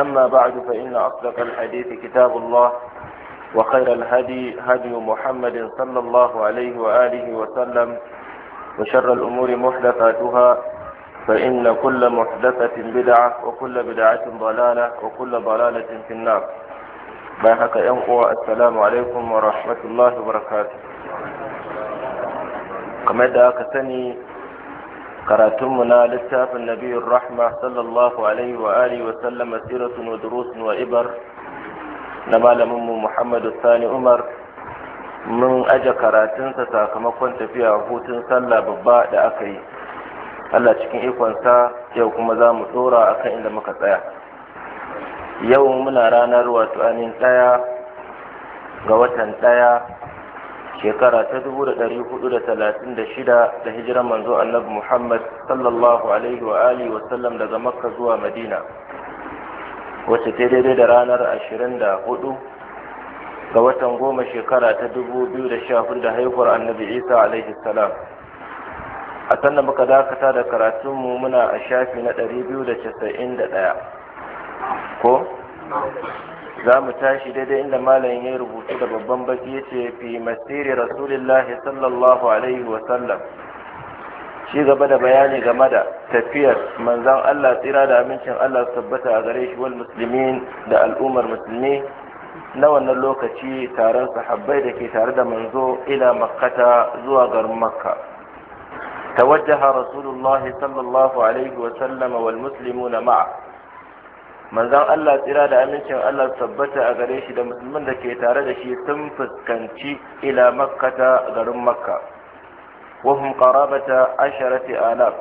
أما بعد فإن أصدق الحديث كتاب الله وخير الهدي هدي محمد صلى الله عليه وآله وسلم وشر الأمور محدثاتها فإن كل محدثة بدعة وكل بدعة ضلالة وكل ضلالة في النار باهك ينقوى السلام عليكم ورحمة الله وبركاته كما دعاك سني karatunmu na littafin nabiyun rahma sallallahu alaihi wa alihi wa sallama siratun wa durusun wa ibar na malaminmu muhammadu sani umar mun aje karatunsa sakamakon tafiya hutun sallah babba da aka yi allah cikin ikonsa yau kuma za mu tsora akan inda muka tsaya yau muna ranar wato anin tsaya ga watan ɗaya shekara ta dubu da ɗari hudu da talatin da shida da hijirar manzo annabi muhammad sallallahu alaihi wa alihi sallam daga makka zuwa madina wacce ta daidai da ranar ashirin da hudu ga watan goma shekara ta dubu biyu da sha hudu da haihuwar annabi isa alaihi salam a sannan muka dakata da karatunmu muna a shafi na ɗari biyu da casa'in da ɗaya ko za mu tashi daidai inda malam ya rubutu da babban baki yace fi masiri rasulillahi sallallahu alaihi wa sallam shi gaba da bayani game da tafiyar manzon Allah tsira da amincin Allah su tabbata a gare shi wal da al'ummar musulmi na wannan lokaci taron sahabbai da ke tare da manzo ila makkata zuwa garin makka توجه رسول الله صلى الله عليه وسلم والمسلمون معه manzon Allah tsira da amincin Allah tabbata a gare shi da musulmin da ke tare da shi sun fuskanci ila makkata garin makka wahum qarabata asharati alaf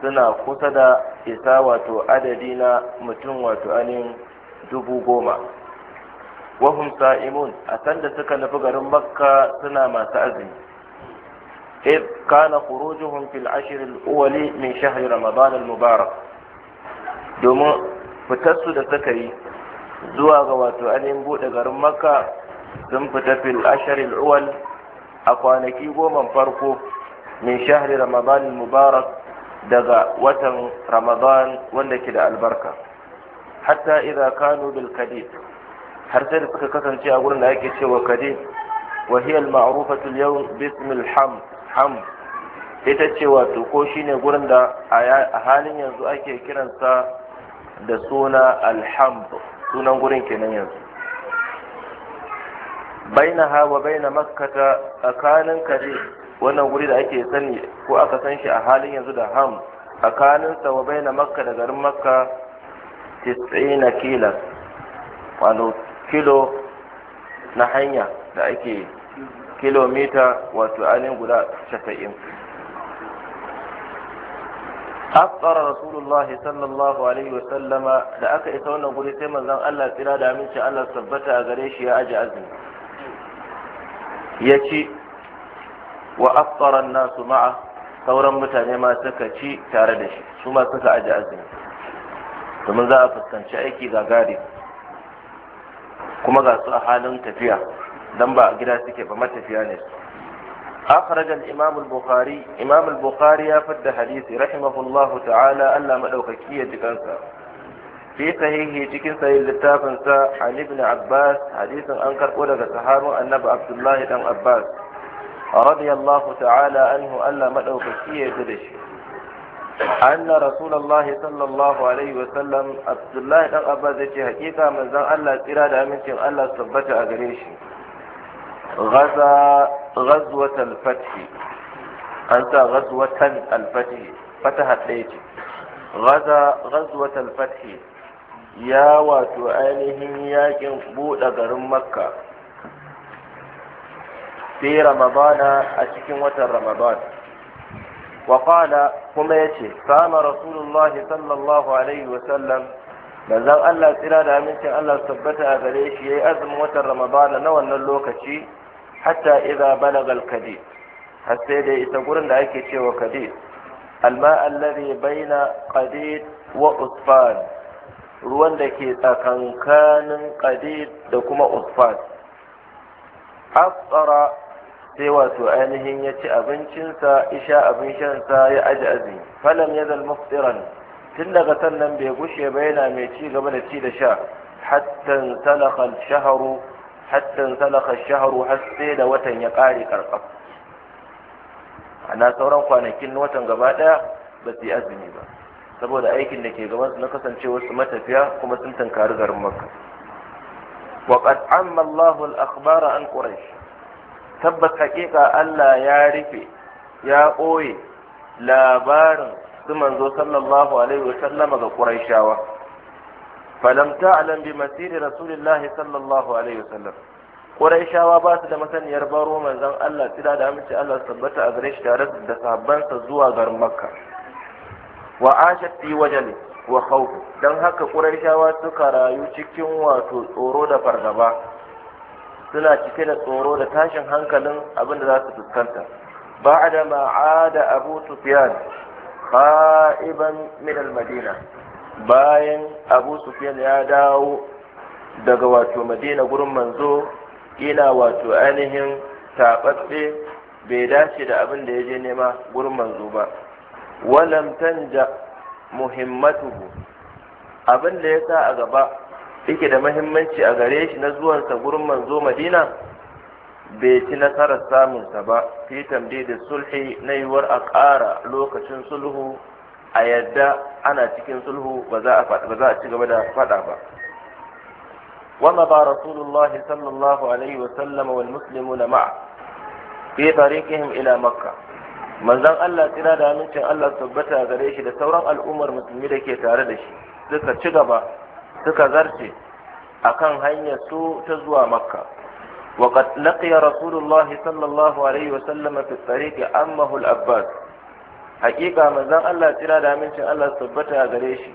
suna kusa da isa wato adadi na mutum wato anin dubu goma wahum sa'imun a sanda suka nufi garin makka suna masu azumi إذ كان خروجهم في العشر الأول من شهر رمضان المبارك domin Fitar su da suka yi zuwa ga wato ainihin buɗe garin makka sun fita fil asharil uwal a kwanaki goma farko min shahri ramadan mubarak daga watan ramadan wanda ke da albarka hatta idza kanu bil kadid har sai da suka kasance a gurin da ake cewa kadid wa hiya al ma'rufa al yawm al ham ham ita ce wato ko shine gurin da a halin yanzu ake kiransa da suna alhamd sunan gurin kenan yanzu baina hawa baina makkata tsakanin kare wannan guri da ake sani ko aka san shi a halin yanzu da ham tsakanin sa wa baina makka da garin makka 90 kila wato kilo na hanya da ake kilomita wato anin guda 90 afsara rasulullah sallallahu alaihi wa sallama da aka isa wannan guri sai manzon Allah tsira da aminci Allah tabbata a gare shi ya aji azumi ya ci wa afsara nasu ma'a sauran mutane ma suka ci tare da shi su ma suka aji azumi domin za a fuskanci aiki gagari kuma ga su a halin tafiya dan ba a gida suke ba matafiya ne su أخرج الإمام البخاري إمام البخاري فد حديث رحمه الله تعالى ألا مدوككية كنسا في صحيحه تكن صحيح للتافنسا عن ابن عباس حديث أنكر أولى سحار النبي عبد الله بن عباس رضي الله تعالى عنه ألا مدوككية تدش أن رسول الله صلى الله عليه وسلم عبد الله بن عباس حقيقة من ذا الله إرادة من الله ثبت أجريشي غزوة الفتح أنت غزوة الفتح فتحت ليتي غزا غزوة الفتح يا واتو أينهم ياكن بودا غرم مكة في رمضان أشكن وتر رمضان وقال كما يتي قام رسول الله صلى الله عليه وسلم manzon Allah tsira da amincin Allah su tabbata a gare shi yayi azumin watan Ramadana na wannan lokaci hatta idza balaga al-kadid har sai da ita gurin da ake cewa kadid alma baina qadid ruwan da ke tsakankanin da kuma usfa. afsara sai wato ainihin ya ci abincinsa isha abin shansa ya aji azumi falam ya zal muftiran tun daga sannan bai gushe ba yana mai ci gaba da ci da sha hatta salakal shaharu hatta salaka shaharu har sai da watan ya kare karkaf ana sauran kwanakin watan gaba daya ba su yi azumi ba saboda aikin da ke gaban su na kasance wasu matafiya kuma sun tankari garin makka wa qad amma Allahu al-akhbara an quraish tabbas haƙiƙa Allah ya rufe ya koye labarin su manzo sallallahu alaihi wa sallama ga quraishawa falam a lambi masiri rasulillahi sallallahu alaihi wasallam Qurayshawa ba su da masaniyar baro manzon Allah tsira da aminci Allah tabbata a gare shi tare da sahabbansa zuwa garin Makka wa ashat fi wajali wa khawf dan haka Qurayshawa suka rayu cikin wato tsoro da fargaba suna cike da tsoro da tashin hankalin abin da za su fuskanta ba'da ma ada Abu Sufyan kha'iban min al-Madina bayan abu sufyan ya dawo daga wato madina gurin manzo ina wato ainihin taɓaɓɓe bai dace da abin da ya je nema gurin manzo ba walam tanja muhimmatuhu abin da ya sa a gaba yake da mahimmanci a gare shi na zuwansa gurin manzo madina bai ci nasarar samunsa ba fi tamdi da sulhi na yiwuwar a ƙara lokacin sulhu a yadda ana cikin sulhu ba za a ci gaba da faɗa ba ومضى رسول الله صلى الله عليه وسلم والمسلمون معه في طريقهم إلى مكة manzon Allah tsira da amincin Allah tabbata gare shi da sauran al'ummar musulmi da ke tare da shi suka ci gaba suka zarce akan hanyar su ta zuwa makka وقد لقي رسول الله صلى الله عليه وسلم في الطريق عمه العباس hakika manzon Allah tsira da amincin Allah tabbata a gare shi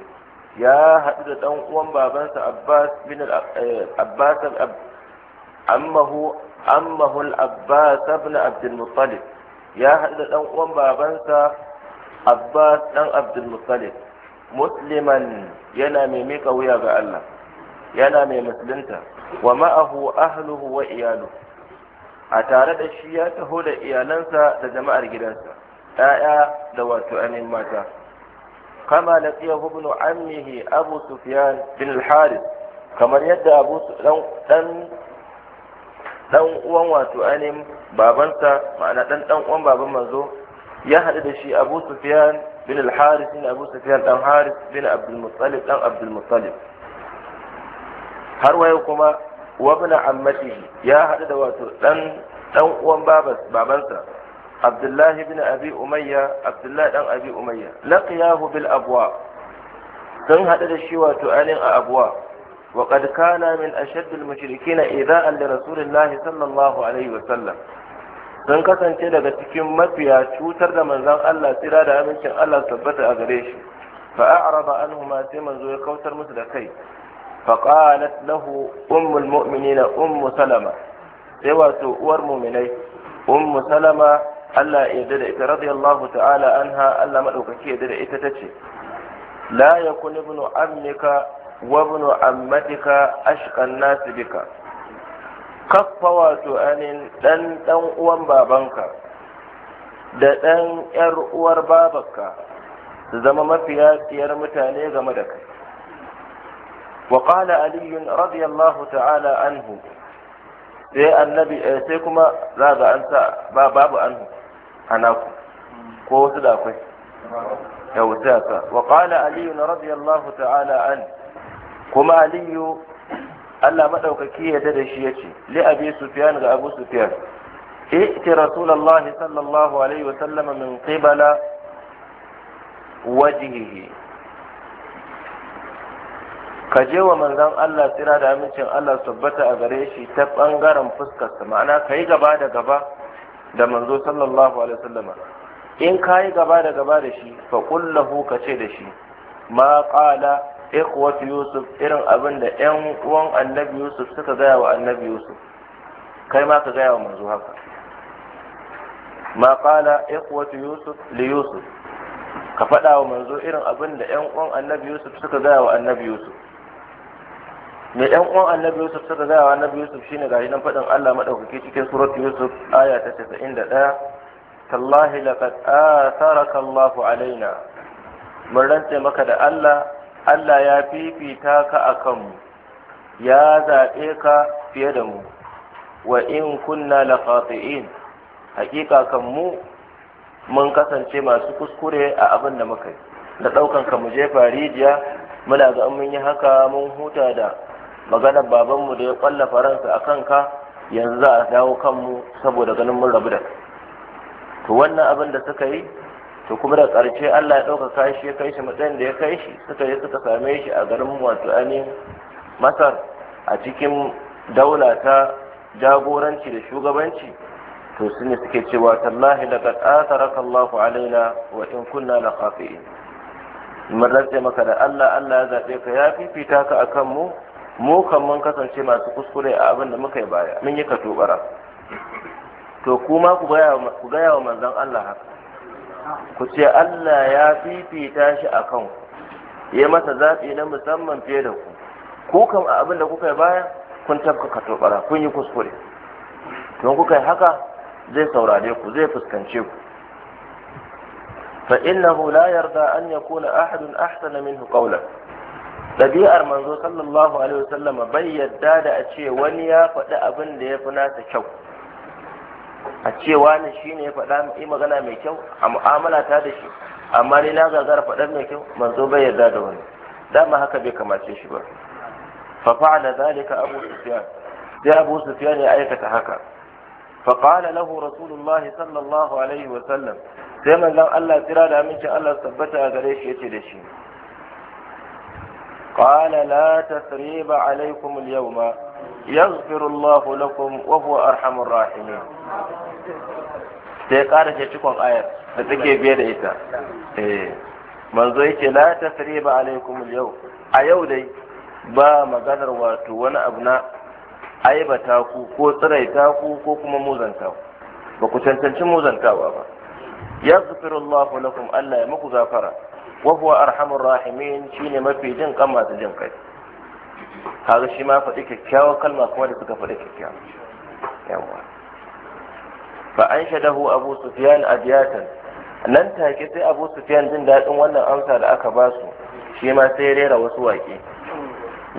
ya haɗu da ɗan uwan babansa Abbas bin eh, Abbas ammahu ammahu al-Abbas ibn Abdul Muttalib ya haɗu da ɗan uwan babansa Abbas ɗan Abdul Muttalib musliman yana mai mika wuya ga Allah yana mai musulunta wa ma'ahu ahluhu wa iyalu a tare da shi ya taho da iyalansa da jama'ar gidansa Ɗaya da wato anin mata kama laqiyahu ibn ammihi abu sufyan bin al-harith kamar yadda abu dan dan uwan wato anin babansa ma'ana dan dan uwan baban manzo ya haɗu da shi abu sufyan bin al-harith bin abu sufyan dan harith bin abdul muttalib dan abdul muttalib har waye kuma wabna ammatihi ya haɗu da wato dan dan uwan babansa abdullahi bin abi umayya abdullahi dan abi umayya laqiyahu bil abwa sun haɗu da shi wato anin a abwa wa qad kana min ashadd al mushrikeena idha'an li rasulillahi sallallahu alaihi wa sallam sun kasance daga cikin mafiya cutar da manzon Allah tsira da amincin Allah tabbata a gare shi fa a'rada anhuma sai manzo ya kautar musu da kai fa qalat lahu ummul mu'minina ummu salama sai wato uwar mu'minai ummu salama Allah ya yarda da ita radiyallahu ta'ala anha Allah madaukaki yarda da ita tace la yakun ibnu ammika wa ibnu ammatika ashqan nas bika kaffa wato anin dan dan uwan babanka da dan yar uwar babanka zama mafiya tsiyar mutane game da kai وقال علي رضي radiyallahu ta'ala Anhu. sai annabi eh, sai kuma za ga an sa babu anhu ana ko wasu da akwai ya wuce ka wa Aliyu na radiyallahu ta'ala an kuma aliyu Allah madaukaki ya da shi yace li abi sufyan ga abu sufyan ائت رسول الله صلى الله عليه وسلم من قبل وجهه ka je wa manzon Allah tsira da amincin Allah tabbata a gare shi ta bangaren fuskarsa ma'ana ka yi gaba da gaba da manzo sallallahu alaihi wasallam in kai gaba da gaba da shi fa kullahu ka ce da shi ma qala ikhwat yusuf irin abin da yan uwan annabi yusuf suka gaya wa annabi yusuf kai ma ka gaya wa manzo haka ma qala ikhwat yusuf li yusuf ka faɗa wa manzo irin abin da yan uwan annabi yusuf suka gaya wa annabi yusuf me ɗan uwan annabi yusuf suka gaya wa annabi yusuf shine gashi nan faɗin allah maɗaukaki cikin surat yusuf aya ta casa'in da ɗaya tallahi laqad atharaka alaina mun rantse maka da allah allah ya fifita ka a kanmu ya zaɓe ka fiye da mu wa in kunna la khati'in hakika kan mu mun kasance masu kuskure a abin da muka yi da ɗaukan ka mu je farijiya muna ga mun yi haka mun huta da maganar babanmu da ya kwalla faransa a kanka yanzu za a dawo kanmu saboda ganin mun rabu da to wannan abin da suka yi to kuma da ƙarshe Allah ya ɗaukaka shi ya kai shi matsayin da ya kai shi suka yi suka same shi a garin wato ainihin masar a cikin daula ta jagoranci da shugabanci to su suke cewa tallahi laqad atharaka Allahu alaina wa in kunna la khafi'in mun rantse maka da Allah Allah ya zaɓe ka ya fifita ka akan mu mu kan mun kasance masu kuskure a abin da muka yi baya mun yi katobara to kuma ku gaya wa manzon Allah haka ku ce Allah ya fifita shi a kan ya masa zaɓi na musamman fiye da ku ku kan a abin da kuka yi baya kun tabka katobara kun yi kuskure don kuka yi haka zai saurare ku zai fuskance ku fa innahu la yarda an yakuna ahadun ahsana minhu qawlan ɗabi'ar manzo sallallahu alaihi wasallama bai yadda da a ce wani ya faɗi abin da ya fi nasa kyau a ce wani shi ne ya faɗa yi magana mai kyau a mu'amala ta da shi amma ni na gagara faɗar mai kyau manzo bai yadda da wani dama haka bai kamace shi ba fa fa'ala zalika abu sufyan sai abu sufyan ya aikata haka fa qala lahu rasulullah sallallahu alaihi wa sallam sai manzon Allah tsira da amincin Allah tabbata a gare shi yace da shi قال لا تثريب ya اليوم يغفر الله لكم وهو أرحم الراحمين sai ƙara ce cikon ayar da take biye da ita eh manzo yake la tasriba alaikum yau a yau dai ba maganar wato wani abu na aibata ku ko tsiraita ku ko kuma muzanta ku ba ku cancanci muzantawa ba yaghfirullahu lakum Allah ya maku zafara. wa Arhamar arhamur rahimin shine mafi jin kan masu jin kai kaga shi ma faɗi kyakkyawar kalma kuma da suka faɗi kyakkyawar. yawa fa an shadahu abu sufyan abiyatan nan take sai abu sufyan jin daɗin wannan amsa da aka ba su shi ma sai rera wasu waƙe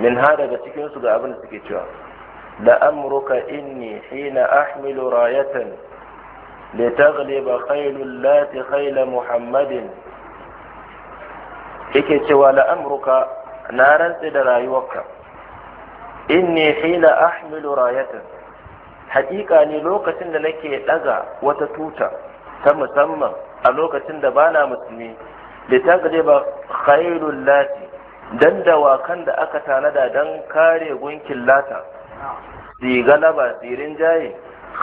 min ha daga cikin su ga abin da suke cewa da amruka inni hina ahmilu rayatan لتغلب خيل lati خيل Muhammadin. yake cewa la'amruka na rantse da rayuwarka inni hila ahmilu rayatan haƙiƙa ne lokacin da nake ɗaga wata tuta ta musamman a lokacin da bana musulmi da ta gaje ba khairul lati dan dawakan da aka tanada dan kare gunkin lata si galaba zirin jaye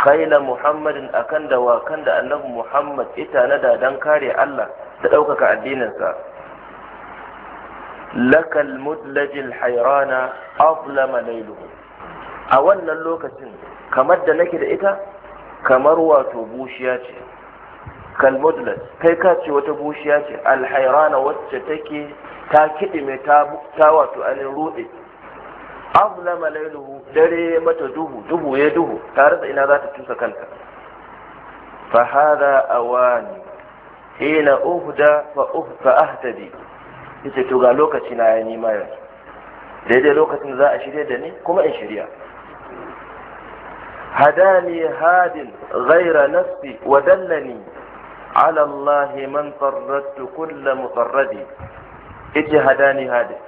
khaila muhammadin akan dawakan da annabi muhammad ita tanada dan kare allah da ɗaukaka addininsa lakal mudlajil hairana azlama lailuhu a wannan lokacin kamar da nake da ita kamar wato bushiya ce kalmudlaj kai ka ce wata bushiya ce alhairana wacce take ta kiɗime ta wato anin ruɗe azlama lailuhu dare mata duhu duhu ya duhu tare da ina zata ta tusa kanta fa hada awani hina uhda fa uhda ahtadi yace to ga lokaci na ya nima yanzu daidai lokacin za a shirya da ni kuma in shirya hadani hadin ghaira nafsi wa dallani ala Allah man farrattu kulla mutarradi idi hadani hadin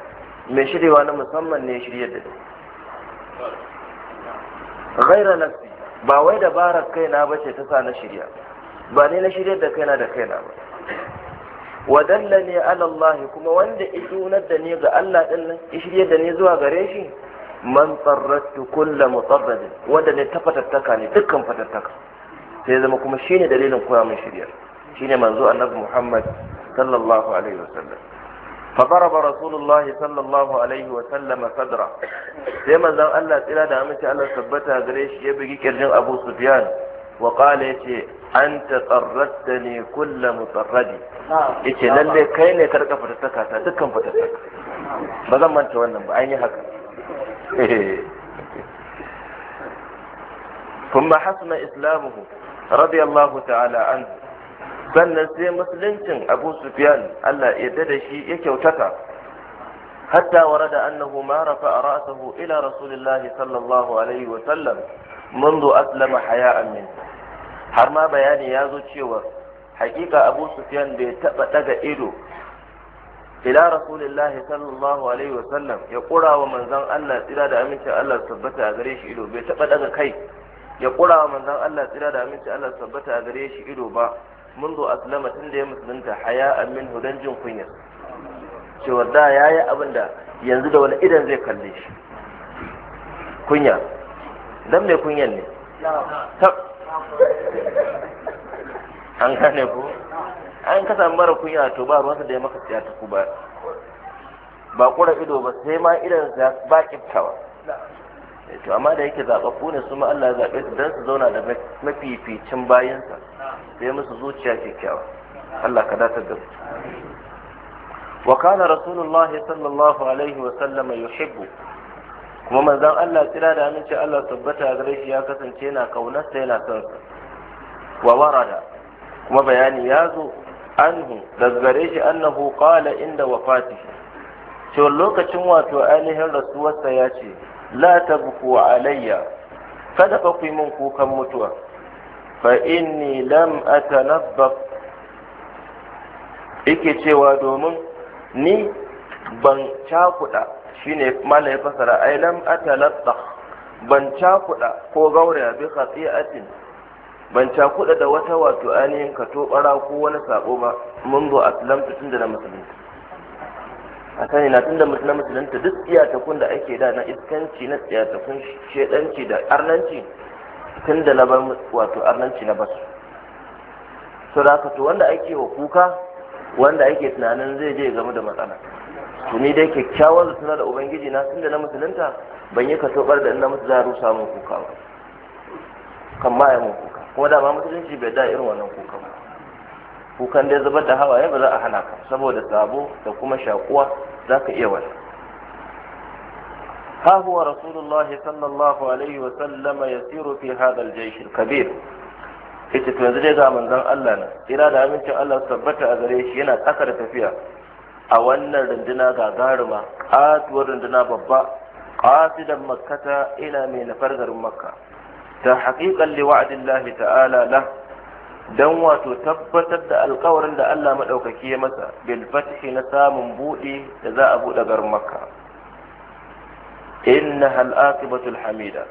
me shiryewa na musamman ne shirya da ni ghaira nafsi ba wai dabarar kaina bace ta sa na shirya ba ne na shirya da kaina da kaina ba wa ne ala Allah kuma wanda idunar da ni ga Allah din nan shirye da ni zuwa gare shi man tsarrattu kulla mutsarrad wanda ne tafatattaka ne dukkan fatattaka sai zama kuma shine dalilin koya mun shirya shine manzo annabi Muhammad sallallahu alaihi wasallam فضرب رسول الله صلى الله عليه وسلم صدره sai manzon Allah tsira da amince Allah tabbata gare shi ya bugi kirjin Abu Sufyan wa qala yace anta tsarrattani kulla mutsarradi yace lalle kai ne karka fitattaka ta dukkan fitattaka ba zan manta wannan ba an yi haka ثم حسن إسلامه رضي الله تعالى عنه sannan sai musuluncin abu sufyan allah yadda da shi ya kyautata hatta warada annahu ma rafa ra'sahu ila rasulillahi sallallahu alaihi wa sallam منذ أسلم حياء منه har ma bayani ya zo cewa hakika abu sufyan bai taba daga ido ila rasulillahi sallallahu alaihi wa sallam ya kura wa manzon Allah tsira da amincin Allah tabbata a gare shi ido bai taba daga kai ya kura wa manzon Allah tsira da amincin Allah tabbata a gare shi ido ba منذ أسلم تندي مسلمت حياء منه jin كنيا cewa da ya yi abin da yanzu da wani idan zai kalle shi kunya don mai kunyan ne an gane ku. an ka samu mara kunya to ba ruwansa da ya maka siya ta ba ba kura ido ba sai ma idan ba kiftawa eh, to amma da yake zaɓa ne su ma Allah ya zaɓe su don su zauna da mafificin bayansa sai musu zuciya kyakkyawa Allah ka datar da su wa kana rasulullahi sallallahu alaihi wa sallama yuhibbu kuma manzon Allah kira da aminci Allah tabbata gare shi ya kasance yana kaunarsa yana son sa wa warada kuma bayani ya zo anhu daggare shi annahu qala inda wafati to lokacin wato ainihin rasuwarsa ya ce la tabku alayya kada fa ku min kukan mutuwa fa inni lam atanabbab yake cewa domin ni ban cakuɗa shine malai fasara ai lam atalatta ban cakuda ko gauraya bi khati'atin ban cakuda da wata wato ainihin ka to bara ko wani sabo ba mun zo aslam tun na musulunta a sani na da na musulunta duk kun da ake da na iskanci na iyatakun shedanci da arnanci da na bar wato arnanci na basu so da to wanda ake wa kuka wanda ake tunanin zai je game da matsala to ni dai kyakkyawar suna da ubangiji na tun da na musulunta ban yi katobar da ina musu za a kuka ba kan ma mun kuka kuma dama musulunci bai da irin wannan kuka ba kukan dai zubar da hawaye ba za a hana ka saboda sabo da kuma shakuwa za ka iya wani ha huwa rasulullahi sallallahu alaihi wa sallama yasiru fi hadal al kabir Ita to yanzu dai ga manzon Allah na ira da amincin Allah tabbata a gare shi yana tsaka da tafiya a wannan runduna gagaruma katuwar runduna babba qasidan makkata ila mai nafar garin makka ta haƙiƙan liwa'adillahi ta'ala la don wato tabbatar da alkawarin da Allah maɗaukaki ya masa bil fatihi na samun buɗe da za a buɗe garin makka inna hal aqibatul hamida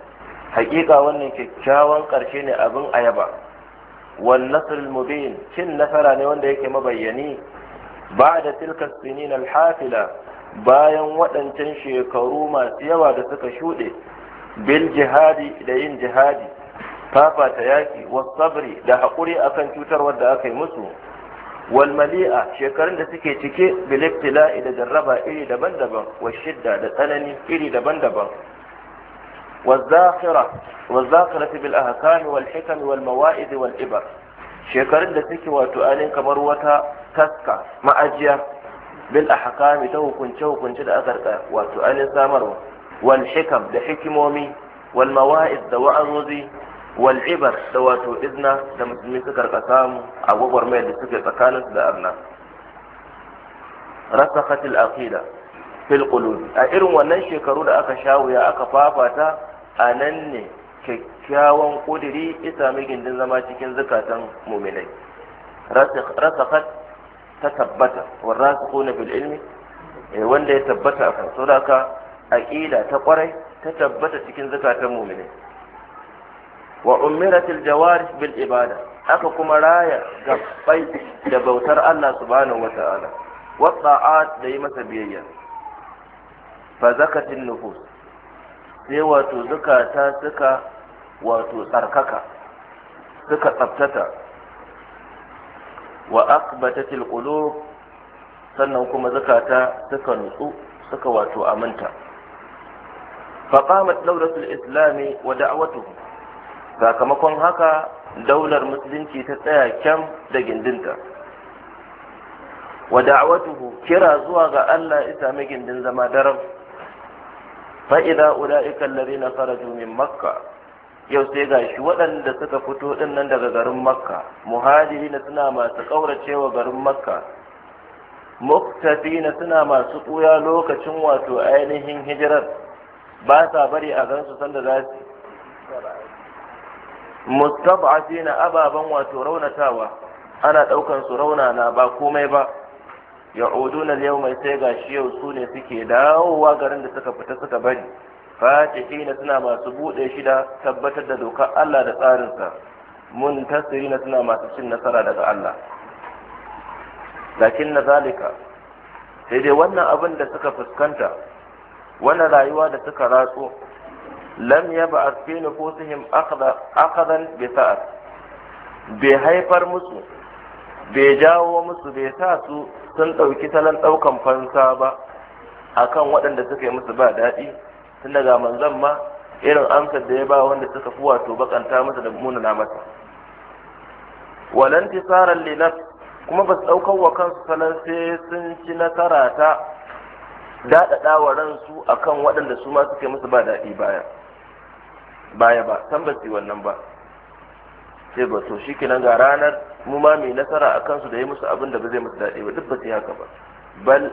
haƙiƙa wannan kyakkyawan ƙarshe ne abin ayaba wan nasr mubin cin nasara ne wanda yake mabayyani da tilka sinin alhafila bayan waɗancan shekaru masu yawa da suka shuɗe bil jihadi da yin jihadi fafata yaƙi wasabri da haƙuri akan cutarwar da aka yi musu wal mali'a shekarun da suke cike bil da jarraba iri daban-daban wa shidda da tsanani iri daban-daban wal والذاخرة بالأهكام والحكم wal ibar shekarun da suke wato ainihin kamar wata taska ma'ajiya bil ahkami ta hukunce hukunce da aka wato ainihin samarwa wal hikam da hikimomi wal mawa'iz da wa'azozi wal ibar da wato izna da musulmi suka rika samu a mai da suke tsakanin da arna rasakhat al aqida fil qulub a irin wannan shekaru da aka shawuya aka fafata a nan ne kyakkyawan ƙudiri ya sami gindin zama cikin zukatan muminai rasakhat ta tabbata warasikhuna fil ilmi eh, wanda ya tabbata a kan a aƙida ta ƙwarai ta tabbata cikin zukatan muminai wa umiratil jawaris bil ibada aka kuma raya gabbai da bautar Allah subhanahu wata'ala wa ta'at da yi masa biyayya fa zakatin nufus sai wato zukata suka wato tsarkaka suka tsabtata wa akbatatil qulub sannan kuma zakata suka nutsu suka wato aminta faqamat dawlatul islami wa da'watuhu sakamakon haka daular musulunci ta tsaya kyam da gindinta wa da'watuhu kira zuwa ga Allah isa mai gindin zama daram Fa'ida ula'ikan ulaika na kharaju min makkah yau sai ga shi waɗanda suka fito ɗin nan daga garin makka muhajiri na suna masu ƙauracewa garin makka muktafi na suna masu ɓuya lokacin wato ainihin hijirar ba sa bari a gansu sanda za su mustab'afi na ababen wato raunatawa ana ɗaukan su raunana ba komai ba ya'uduna yau mai sai ga shi yau su ne suke dawowa garin da suka fita suka bari fatihina suna masu buɗe shida, tabbatar da dokar Allah da tsarinsa muntasirina suna masu cin nasara daga Allah lakin na zalika sai dai wannan abin da suka fuskanta wannan rayuwa da suka ratso lam ya ba a fi nufusihim akadan bi sa'ad bai haifar musu bai jawo musu bai sa su sun ɗauki salon ɗaukan fansa ba akan waɗanda suka yi musu ba daɗi tun daga manzan ma irin amsar da ya ba wanda suka fi wato bakanta masa da munana masa walan tisaran li kuma ba su ɗaukar wa kansu salon sai sun ci nasara ta daɗaɗa wa ransu kan waɗanda su ma suke musu ba daɗi baya baya ba san ba wannan ba sai ba to shi kenan ga ranar mu ma mai nasara a kansu da ya musu abin da ba zai musu daɗi ba duk ba su haka ba bal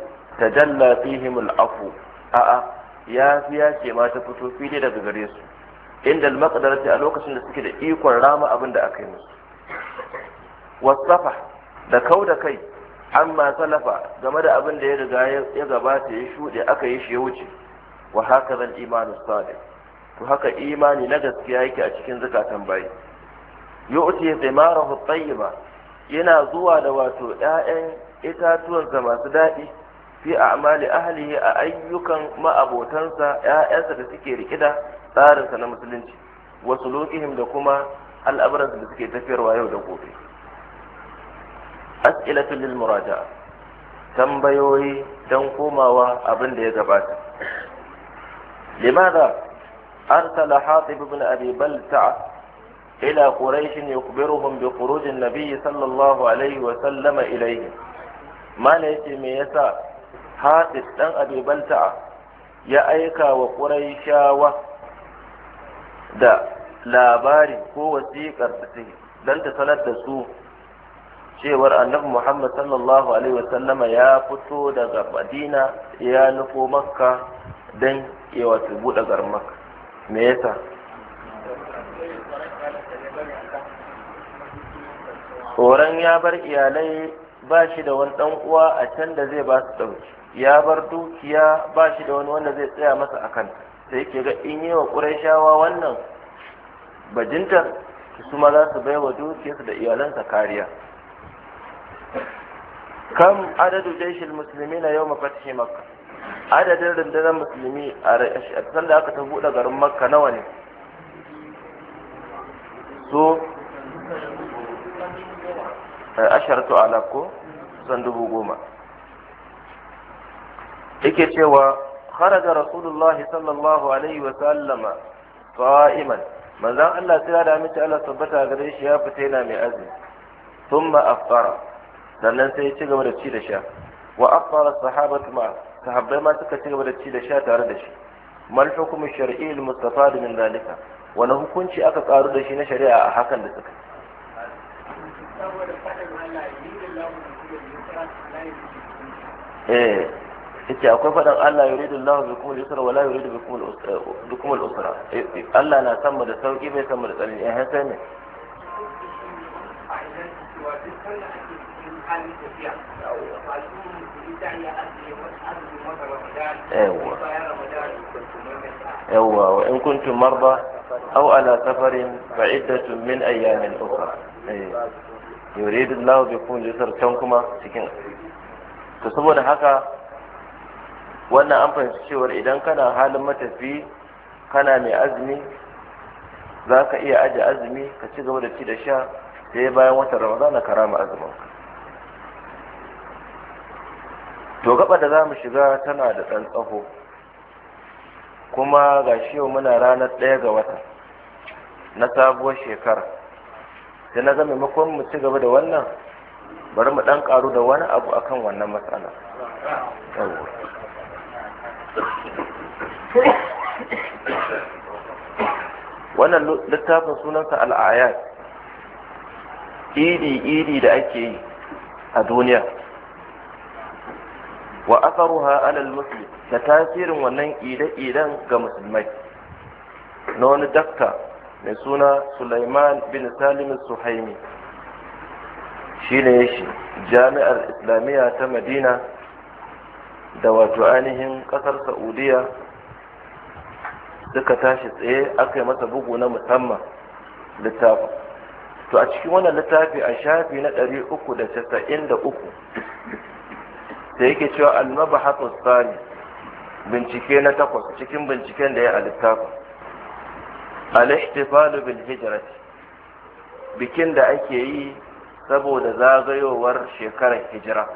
tajalla fihim al'afu a'a ya fiya ce ma fito fili daga gare su inda ce a lokacin da suke da ikon rama abin da aka yi musu wasafa da kau da kai amma salafa game da abin da ya riga ya gabata ya shuɗe aka yi shi ya wuce wa haka zan imanu sadiq to haka imani na gaskiya yake a cikin zakatan bayi yu'ti thimarahu tayyiba yana zuwa da wato 'ya'yan itatuwansa masu daɗi fi a'mali ahlihi a ayyukan ma'abotansa ƴaƴansa da suke rike da tsarinsa na musulunci wasu sulukihim da kuma al'amuransa da suke tafiyarwa yau da gobe as'ilatu lil muraja'a tambayoyi don komawa abin da ya gabata limadha arsala hatib ibn abi balta'a إلى قريش يخبرهم بخروج النبي sallallahu الله wa وسلم إليهم ما ليس ميسا dan ɗan balta ya aika wa ƙuraishawa da labari ko wasiƙar dan ta sanar da su cewar annabi muhammad sallallahu alaihi wasallama ya fito daga madina ya nufo makka don ya wato buɗe garin me yasa tsoron ya bar iyalai ba shi da wani ɗan uwa a can da zai ba su ɗauki ya bar dukiya ba shi da wani wanda zai tsaya masa a kan sai yake ga in yi wa ƙuraishawa wannan bajintar su ma za su bai wa dukiyarsu da iyalansa kariya kam adadu jaishil musulmi na yau shi makka adadin rundunar musulmi a da aka ta buɗe garin makka nawa ne so eh, ashirar alaf ko san dubu goma yake cewa kharaja rasulullahi sallallahu alaihi wa sallama qa'iman manzon Allah sai da miki Allah tabbata gare shi ya fita yana mai azumi thumma afṭara sannan sai ya ci gaba da ci da sha wa afṭara sahabatu ma sahabbai ma suka ci gaba da ci da sha tare da shi mal hukumu shar'i al mustafad min zalika wani hukunci aka karu da shi na shari'a a hakan da suka eh yace akwai fadan Allah yuridu Allahu bikum al-yusra wa la yuridu bikum eh, al-usra eh, Allah na san da sauki bai san da tsanani eh sai ne yawwa wa in kuntum marda aw ala safarin fa iddatun min ayyamin ukhra eh. yuridu Allahu bikum al-yusra kan kuma cikin to saboda haka wannan an fahimci cewar idan kana halin matafi kana mai azumi za ka iya aje azumi ka ci gaba da ci da sha sai bayan watan ramadana na karama azumin to gaba da za mu shiga tana da ɗan tsaho kuma ga shi yau muna ranar ɗaya ga wata na sabuwar shekara sai na ga maimakon mu ci gaba da wannan bari mu ɗan ƙaru da wani abu akan wannan matsala wannan littafin sunansa al'ayat iri-iri da ake yi a duniya wa asaruha alal muslim da tasirin wannan ire-iren ga musulmai na wani dakta mai suna Sulaiman bin Salim Suhaimi shi ne shi jami'ar islamiyya ta Madina da wato ainihin kasar saudiya suka tashi tsaye aka yi masa bugu na musamman littafin to a cikin wannan littafi a shafi na ɗari uku da casa'in da uku yake cewa hatsun tsari bincike na takwas cikin binciken da ya a littafin al bil bikin da ake yi saboda zagayowar shekarar hijira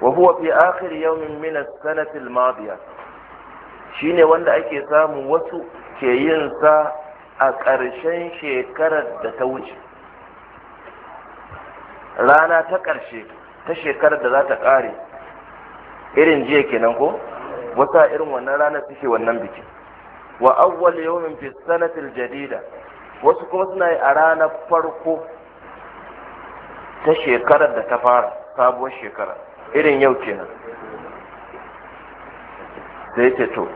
وهو في آخر يوم من السنة الماضية shine wanda ake samu wasu ke yin sa a ƙarshen shekarar da ta wuce rana ta ƙarshe ta shekarar da za ta ƙare irin jiya kenan ko wata irin wannan rana suke wannan biki wa awwal yawmin fi sanatil jadida wasu kuma suna yi a ranar farko ta shekarar da ta fara sabuwar shekara irin yau kenan sai ce to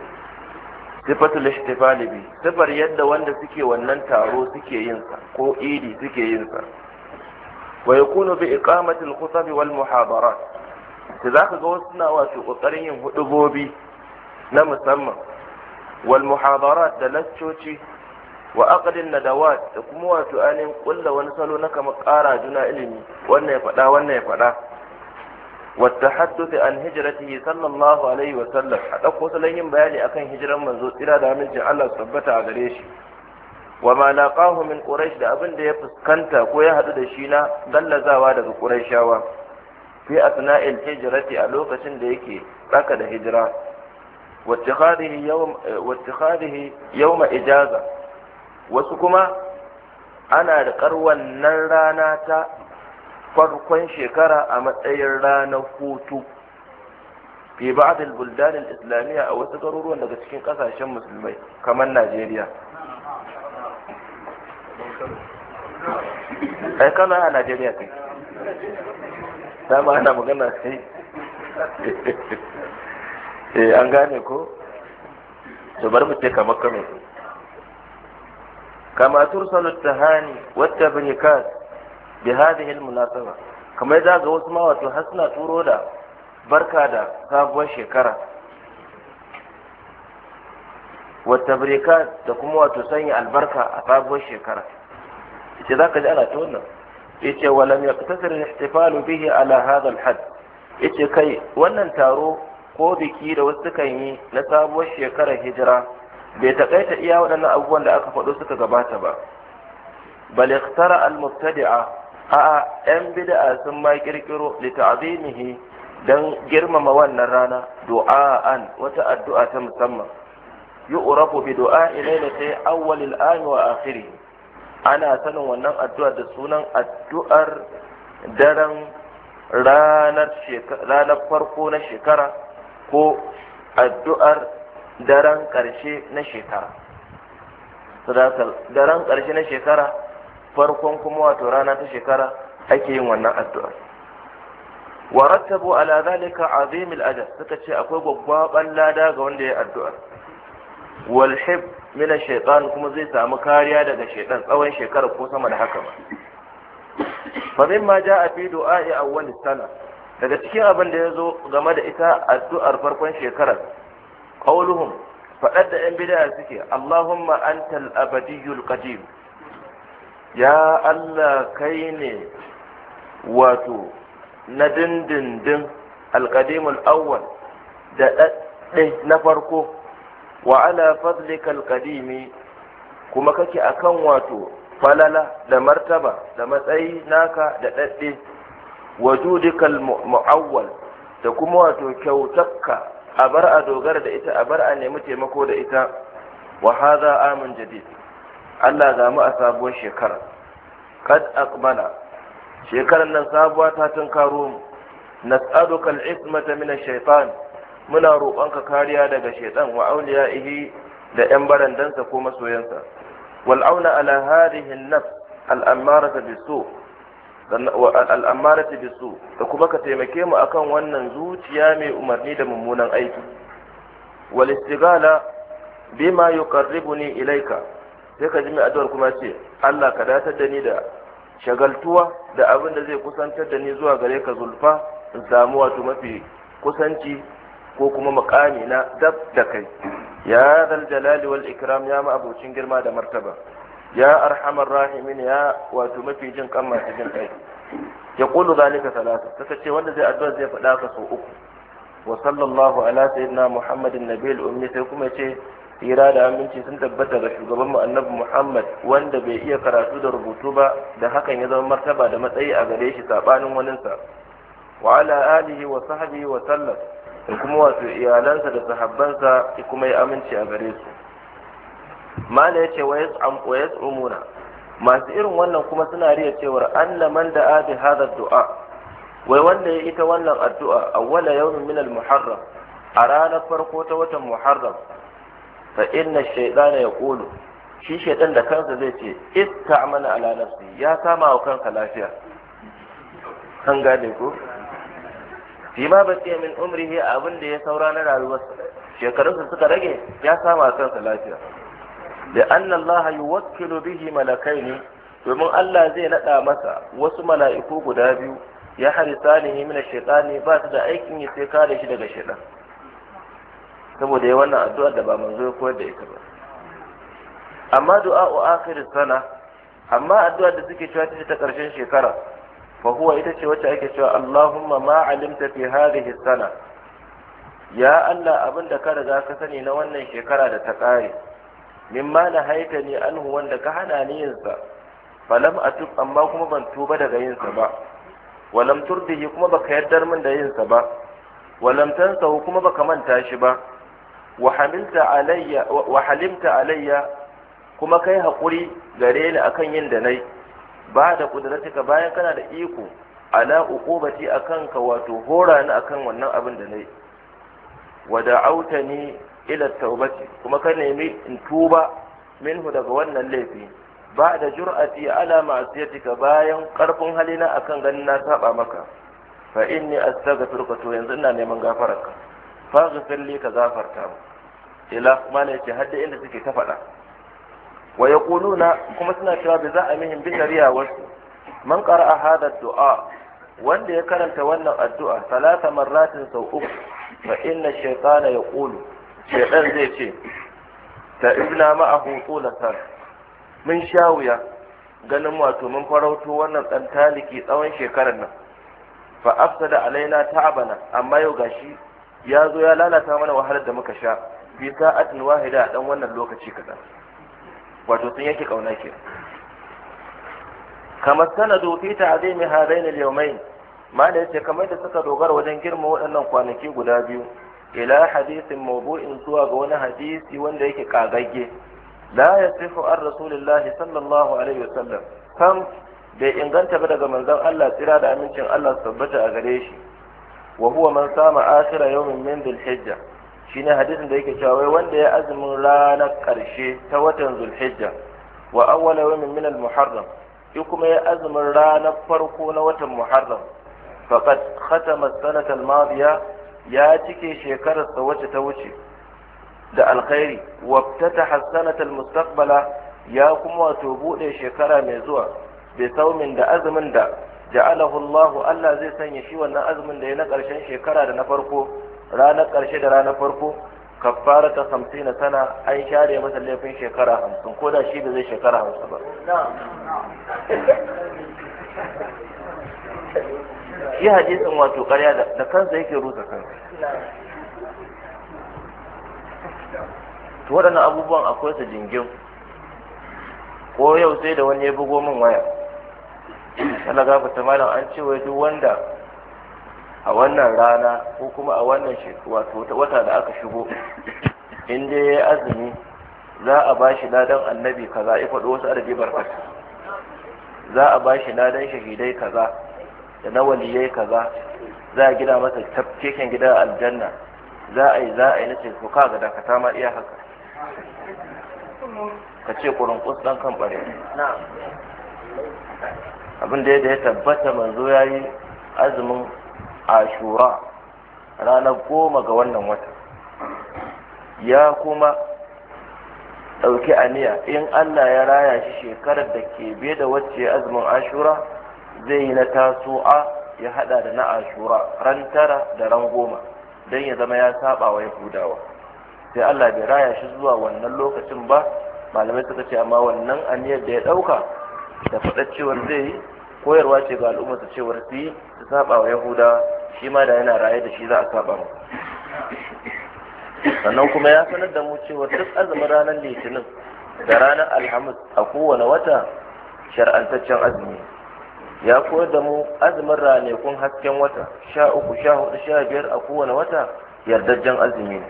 sifatul ihtifali bi sifar yadda wanda suke wannan taro suke yin sa ko idi suke yin sa wa yakunu bi iqamati al-khutab wal muhadarat sai zaka ga wasu na wasu kokarin yin hudubobi na musamman wal muhadarat da laccoci wa aqdin nadawat da kuma wato ainihin ƙulla wani salo na kama ƙara juna ilimi wannan ya faɗa wannan ya faɗa والتحدث عن هجرته صلى الله عليه وسلم أدقوا سلين بياني أكن هجرا منذ إلى دامج الله ثبت على وما لاقاه من قريش da abin da ya fuskanta ko ya haɗu da shi na gallazawa daga Qurayshawa fi asna'il hijrati a lokacin da yake tsaka da hijira wattikhadihi wasu kuma ana da karwan nan rana ta farkon shekara a matsayin ranar hutu fi ba'd al-buldan al-islamiyya a wasu garuruwan daga cikin kasashen musulmai kamar Najeriya ai kana a Najeriya kai dama ana magana sai eh an gane ko to bar mu ce kamar kamar kama tursalu tahani wata barikat bi hadhihi almunasaba kamar za ga wasu ma wato har suna turo da barka da sabuwar shekara wa tabrika da kuma wato sanya albarka a sabuwar shekara ce za ka ji ana ta wannan yace wa mai yaqtasir al bihi ala hadha al Ita yace kai wannan taro ko biki da wasu sukan yi na sabuwar shekarar hijira bai takaita iya waɗannan abubuwan da aka faɗo suka gabata ba bal ikhtara al-mubtadi'a a'a yan bid'a sun ma kirkiro li ta'zimihi dan girmama wannan rana du'a'an wata addu'a ta musamman yu'rafu bi du'a'i lailati awwal al-an wa akhiri. ana sanin wannan addu'ar da sunan addu'ar daren ranar ranar farko na shekara ko addu'ar daren ƙarshe na shekara daren ƙarshe na shekara farkon kuma wato rana ta shekara ake yin wannan addu'a wa rattabu ala zalika azim al suka ce akwai gwaggwaban lada ga wanda ya addu'a wal hib min ash kuma zai samu kariya daga shaytan tsawon shekara ko sama da haka ba fa mimma jaa fi du'a'i awwal sana daga cikin abin da yazo game da ita addu'ar farkon shekara qauluhum faɗar da 'yan bidaya suke Allahumma antal abadiyul qadim ya Allah kai ne wato na dindindin alƙadimul al’awwal da ɗaɗɗe na farko wa ala fadlika alƙadimi kuma kake akan wato falala da martaba da matsayi naka da ɗaɗɗe wa judikal mu'awwal da kuma wato kyautakka a bar a dogara da ita a bar a nemi taimako da ita wa hadha amin jadid Allah ga mu a sabuwar shekara kad aqbala shekarar nan sabuwa ta tunkaro mu nas'aluka al-ismata min ash-shaytan muna roƙonka kariya daga shaytan wa awliyaihi da yan barandansa ko masoyansa wal auna ala hadhihi an-nafs al-ammarata bisu da da kuma ka taimake mu akan wannan zuciya mai umarni da mummunan aiki wal istighala bima yuqarribuni ilaika sai ka ji mai addu'ar kuma ce Allah ka datar da ni da shagaltuwa da abin da zai kusantar da ni zuwa gare ka zulfa in samu wato mafi kusanci ko kuma makami na dab da kai ya zal jalali wal ikram ya ma girma da martaba ya arhamar rahimin ya wato mafi jin kan masu jin kai ya kulu zalika salasa. ta ce wanda zai addu'a zai faɗa ka sau uku wa sallallahu ala sayyidina muhammadin nabiyil ummi sai kuma ce tsira da aminci sun tabbata ga shugaban mu annabi Muhammad wanda bai iya karatu da rubutu ba da hakan ya zama martaba da matsayi a gare shi sabanin waninsa wa ala alihi wa sahbihi wa sallam da kuma wato iyalansa da sahabbansa ya kuma ya aminci a gare su mala yace wa yas'am wa yas'umuna masu irin wannan kuma suna riya cewar anna man da'a bi hadha du'a wai wanda ya ita wannan addu'a awwala yawmin min al-muharram a ranar farko ta watan muharram fa inna shaytana yaqulu shi shaytan da kansa zai ce ista'mala ala nafsi ya kama wa kanka lafiya kan gane ko fi ma ce min umrihi abin da ya saura na shekarun shekarunsa suka rage ya kama wa kansa lafiya da anna Allah yuwakkilu bihi ne domin Allah zai nada masa wasu mala'iku guda biyu ya ne min ash ba su da aikin ya sai kare shi daga shaytan saboda ya wannan addu'ar da ba manzo ya koyar da ita ba amma du'a'u akhir sana amma addu'ar da suke cewa ta karshen shekara fa huwa ita ce wacce ake cewa Allahumma ma alimta fi hadhihi sana ya Allah abinda da ka riga ka sani na wannan shekara da ta kare mimma la haita ni anhu wanda ka hana ni yinsa. sa falam atub amma kuma ban tuba daga yin sa ba walam turdihi kuma baka yaddar min da yinsa ba walam tansahu kuma baka manta shi ba wa halimta alayya kuma kai hakuri gare ni akan yin da nai ba da ƙudratuka bayan kana da iko ala uqubati akan ka wato hora ni akan wannan abin da nai wa da'awtani ila tawbati kuma ka nemi in tuba minhu daga wannan laifi ba da jur'ati ala ka bayan karfin halina akan ganin na saba maka fa inni astaghfiruka to yanzu ina neman gafararka faghfir li ka zafarta ila mala yace har da inda suke ta faɗa wa yaquluna kuma suna cewa bi za a mihim bi shari'a wasu man qara'a hadha du'a wanda ya karanta wannan addu'a salata marratin sau uku fa inna shaytana yaqulu shaytan zai ce ta ibna ma'ahu tulatan mun sha wuya ganin wato mun farauto wannan dan taliki tsawon shekarar nan fa afsada alaina ta'abana amma yau gashi ya zo ya lalata mana wahalar da muka sha fi sa'atin wahida a dan wannan lokaci kaɗan wato sun yake kauna ke kamar sanadu fi ta'zimi hadain al-yawmain da yace kamar da suka dogara wajen girma waɗannan kwanaki guda biyu ila hadisin mawdu'in zuwa ga wani hadisi wanda yake kagagge la yasifu an rasulillah sallallahu alaihi wasallam kam bai inganta ba daga manzon Allah tsira da amincin Allah su tabbata a gare shi wa huwa man sama akhira yawmin min dhil hijja shine hadisin da yake cewa wai wanda ya azumin na karshe ta watan zulhijja wa awwala yawmin min al muharram shi kuma ya azumin ranar farko na watan muharram faqad khatama sanata al ya cike shekarar sa wacce ta wuce da alkhairi wa ftataha sanata ya kuma wato buɗe shekara mai zuwa bi saumin da azumin da ja'alahu Allah Allah zai sanya shi wannan azumin da ya na ƙarshen shekara da na farko ranar ƙarshe da ranar farko kafara ta hamsin na sana an share masa laifin shekara hamsin ko da shi da zai shekara hamsin ba shi hadisin wato ƙarya da kansa yake rusa kansa to waɗannan abubuwan akwai su jingin ko yau sai da wani ya bugo min waya Allah ku malam an ce wai duk wanda a wannan rana ko kuma a wannan wato wata da aka shigo in dai ya azumi za a ba shi ladan annabi kaza ya faɗo wasu adadi barkatu za a ba shi ladan shahidai kaza da na waliyai kaza za a gina masa tafkeken gida aljanna za a yi za a yi na ce to ka ga dakata ma iya haka ka ce kurin kus dan kan bare abin da ya tabbata manzo ya yi azumin ashura ranar goma ga wannan wata ya kuma ɗauki aniya in allah ya raya shi shekarar da ke biye da wacce azumin ashura zai yi na tasu'a ya hada da na ashura ran tara da ran goma don ya zama ya saba wa yahudawa sai allah bai raya shi zuwa wannan lokacin ba malamai suka ce amma wannan aniyar da ya ɗauka da faɗar cewar zai yi koyarwa ce ga al'ummarsa cewar su yi su saba wa yahuda shi ma da yana raye da shi za a saba mu sannan kuma ya sanar da mu cewa duk azumin ranar litinin da ranar alhamis a kowane wata shar'antaccen azumi ya koyar da mu azumin ranakun hasken wata sha uku sha hudu sha biyar a kowane wata yardajjen azumi ne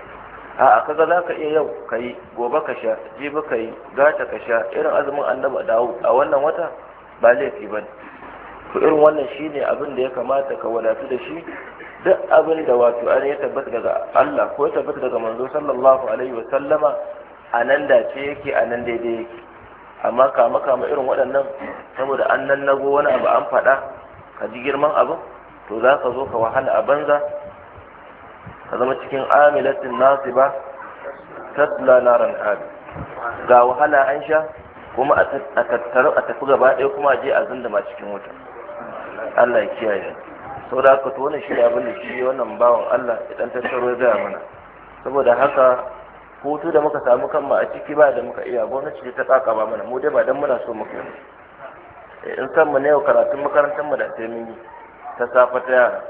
a'a kaga za ka iya yau ka yi gobe ka sha jibi ka yi gata ka sha irin azumin annabi dawo a wannan wata ba laifi ba ne to irin wannan shine abin da ya kamata ka wadatu da shi duk abin da wato an ya tabbata daga Allah ko ya tabbata daga manzo sallallahu alaihi wa sallama a nan dace yake a nan daidai yake amma kama kama irin waɗannan saboda an nan nago wani abu an faɗa ka ji girman abin to za ka zo ka wahala a banza ta zama cikin amilatin nasiba tatla naran hali ga wahala an sha kuma a tattaru a tafi gaba ɗaya kuma je a zindama cikin wuta Allah ya kiyaye sau da haka to wannan shi abin da shi wannan bawan Allah idan tattaro ya mana saboda haka hutu da muka samu kanmu a ciki ba da muka iya gwamnati ta tsaka ba mana mu dai ba dan muna so muka yi eh, in san mu ne yau karatun makarantar mu da sai yi ta safa ta yara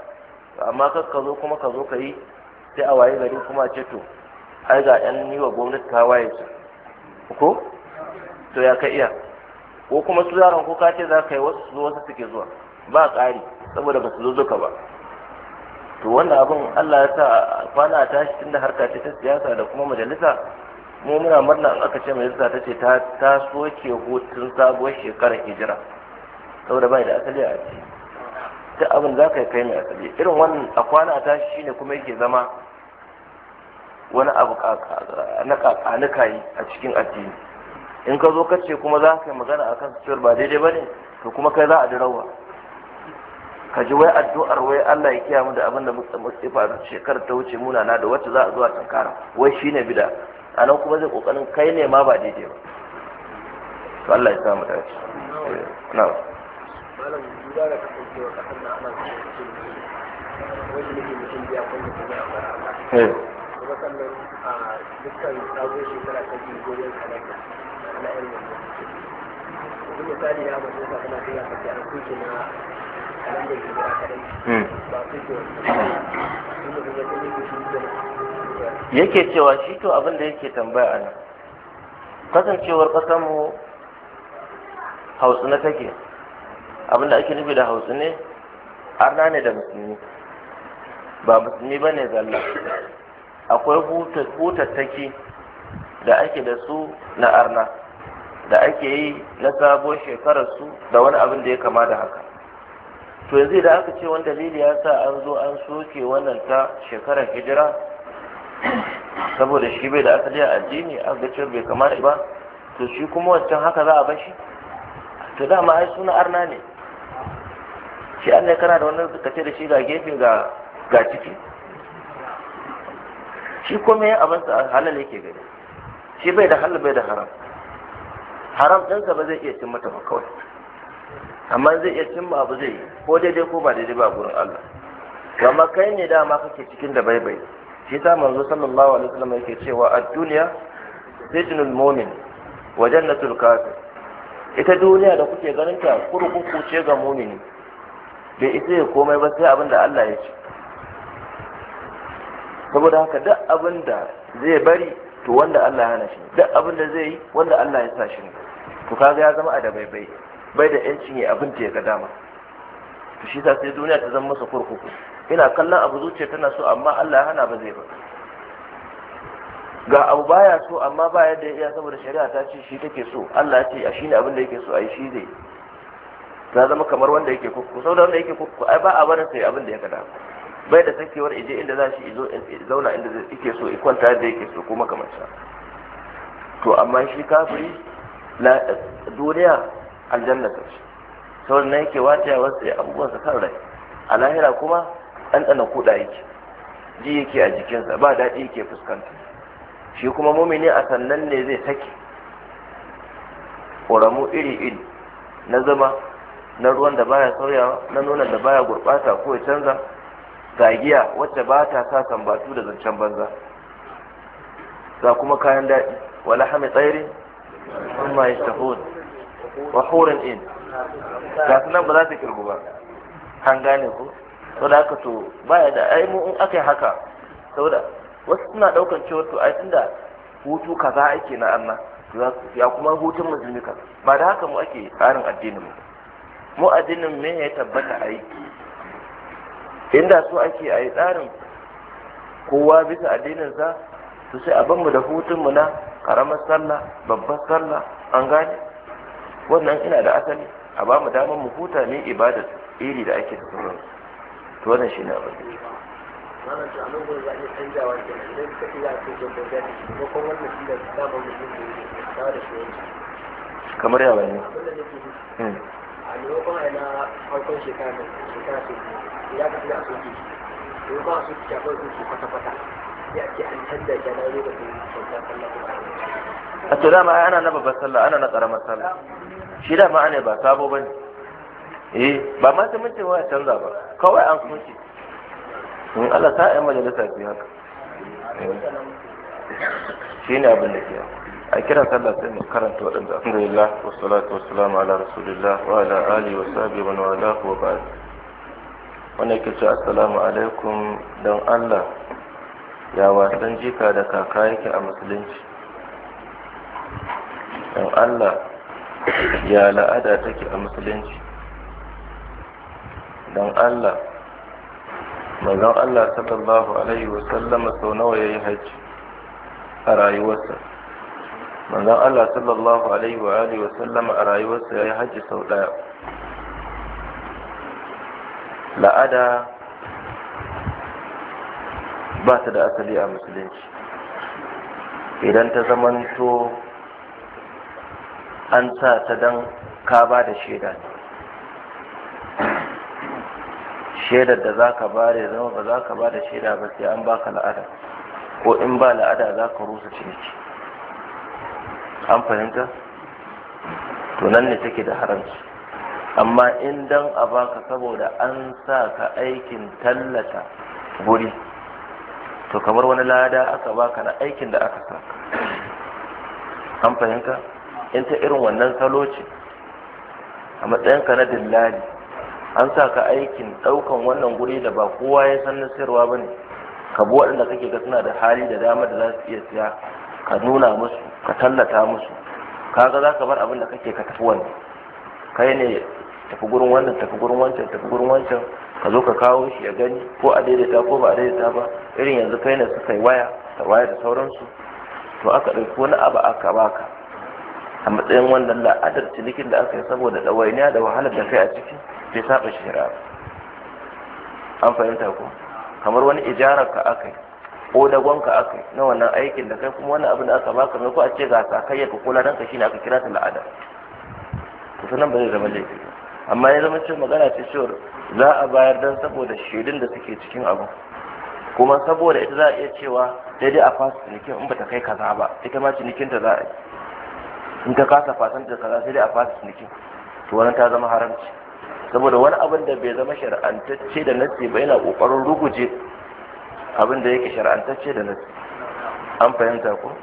amma kar zo kuma ka zo ka yi sai a waye gari kuma a ce to ai ga yan yi wa gwamnati ta waye su ko to ya ka iya ko kuma su yaran ko ka ce za ka yi wasu su wasu suke zuwa ba ƙari saboda ba su zo zuka ba to wanda abin Allah ya sa kwana tashi tunda harka ce ta siyasa da kuma majalisa mu muna murna in aka ce majalisa ta ce ta ta soke hutun sabuwar shekarar hijira saboda bai da asali a ce ta abin za ka yi kai mai asali irin wannan a kwana shi ne kuma yake zama wani abu na kakanuka yi a cikin addini in ka zo kace ce kuma za ka yi magana a kan cewar ba daidai ba ne to kuma kai za a dirawa ka ji wai addu'ar wai Allah ya kiyamu da abin da muka faru shekarar ta wuce muna na da wacce za a zuwa tankara wai shine bida a nan kuma zai kokarin kai ne ma ba daidai ba to Allah ya samu dace malam guda da kasancewa kasan na ana cikin wani mutum ya kwanta da ya fara sannan a dukkan shekara ta biyu yake cewa shi to abin da yake tambaya a kasancewar kasanmu hausu na take da ake nufi da hausu ne arna ne da musulmi ba musulmi ba ne zalla akwai hutattaki da ake da su na arna da ake yi na sabuwar su da wani abin da ya kama da haka to yanzu da aka ce wani dalili ya sa an zo an soke wannan ta shekarar hijira saboda shi bai da asali a addini a ga cewa bai kamata ba to shi kuma wancan haka za a bar shi to dama ai suna arna ne shi an ne kana da wannan kace da shi ga gefe ga ga ciki shi kome yin abin sa halal yake gani shi bai da halal bai da haram haram ɗinsa ba zai iya cin mata ba kawai amma zai iya cin abu zai yi ko daidai ko ba daidai ba gurin Allah amma kai ne dama kake cikin da baibai shi ta manzo sallallahu alaihi wasallam yake cewa duniya sai sijnul mu'min wa jannatul kafir ita duniya da kuke ganin ta kurkuku ce ga mu'mini bai isa ya komai ba sai abin da Allah ya ce saboda haka duk abin da zai bari to wanda Allah ya hana shi duk abin da zai yi wanda Allah ya sa shi ne to kaga ya zama a da baibai bai da yancin ya abin da ya ga dama to shi ta sai duniya ta zama masa kurkuku ina kallon abu zuciya tana so amma Allah ya hana ba zai ba ga abu baya so amma ba yadda ya iya saboda shari'a ta ce shi take so Allah ya ce a shine abin da yake so ai shi zai ta zama kamar wanda yake kurkuku saboda wanda yake kurkuku ai ba a barin sai abin da ya ga dama bai da sakewar ije inda za shi izo zauna inda yake so ikwanta da yake so kuma kamar sa to amma shi kafiri la duniya aljanna ta ce sauran na yake wata wasu ya abubuwan sa kan rai a lahira kuma an tsana kuɗa yake ji yake a jikinsa ba daɗi yake fuskanta shi kuma mumini a sannan ne zai sake ƙoramu iri-iri na zama na ruwan da baya sauyawa na nonon da baya gurɓata ko ya canza gagiya wacce ba ta sa sambatu da zancen banza za kuma kayan daɗi wala hami sun ma ya shahun wa horin in ga su nan ba za ta kirgu ba an gane ko da aka to baya da ai mu in aka yi haka saboda wasu suna ɗaukan cewa to ai tunda hutu kaza ake na anna ya kuma hutun musulmi kaza ba da haka mu ake tsarin addinin mu mu addinin me ya tabbata aiki inda so ake a yi tsarin kowa bisa addininsa su sai abinmu da hutunmu na karamar sallah babbar sallah an gane wannan ina da asali a ba mu damar mu huta ne ibada iri da ake su. to wannan shi ne abin da kamar yawa ne hmm. a maimakon na farkon shekara shekara ya kafi a soke shi to ba su ci su kwata kwata ya ce an canza shi na yau da su kyautar sallah ko a to dama ana na babbar sallah ana na karamar sallah shi dama ana ba sabo ba ne eh ba ma sai mun ce wa canza ba kawai an soke in Allah ta yi majalisa fi haka eh, shi ne abin da ke a kira sallah sai mu karanta waɗanda alhamdulillah wassalatu salamu ala rasulillah wa ala alihi wa sahbihi wa ala wa ba'd wanda ke ce assalamu alaikum don allah ya wasan jika da kaka yake a musulunci don allah ya la'ada take a musulunci don allah manzon allah sallallahu alaihi wasallama sau nawa ya yi hajji a rayuwarsa manzon allah sallallahu alaihi wa alihi wasallama a rayuwarsa ya yi hajji sau ɗaya la'ada ba ta da asali a musulunci idan ta zamanto an sa ta don ka ba da shaida shaidar da za ka ba da zama ba za ka ba da shaida ba sai an baka la'ada ko in ba la'ada za ka rusa ciniki an fahimta to nan ne take da haramci amma in dan a baka saboda an sa ka aikin tallata guri to kamar wani lada aka baka na aikin da aka saka an fahimta in ta irin wannan salo ce a ka na dillali an sa ka aikin ɗaukan wannan guri da ba kowa ya san na sayarwa ba ne ka bi waɗanda kake ga suna da hali da dama da za su iya siya ka nuna musu ka tallata musu kaga za ka bar abin da kake ka tafi wani kai ne tafi gurin wannan tafi gurin wancan tafi gurin wancan ka zo ka kawo shi ya gani ko a daidaita ko ba a daidaita ba irin yanzu kai ne suka yi waya da waya da sauransu to aka ɗauki wani abu aka baka a matsayin wannan la'adar cinikin da aka yi saboda ɗawainiya da wahalar da kai a ciki bai saba shari'a an fahimta ko kamar wani ijarar ka aka yi ko dagon ka aka yi na wannan aikin da kai kuma wani abu da aka baka mai ko a ce ga sakayya ka kula ka shine aka kira ta la'ada to sanan ba zai zama laifi amma ya zama cewa magana ce cewar za a bayar don saboda shaidun da suke cikin abu kuma saboda ita za a iya cewa daidai a fasa cinikin in bata kai kaza ba ita ma cinikin ta za a yi in ta kasa fasan ta kaza sai dai a fasa cinikin to wannan ta zama haramci saboda wani abin da bai zama shar'antacce da nasi ba yana kokarin ruguje abin da yake shar'antacce da nasi an fahimta ko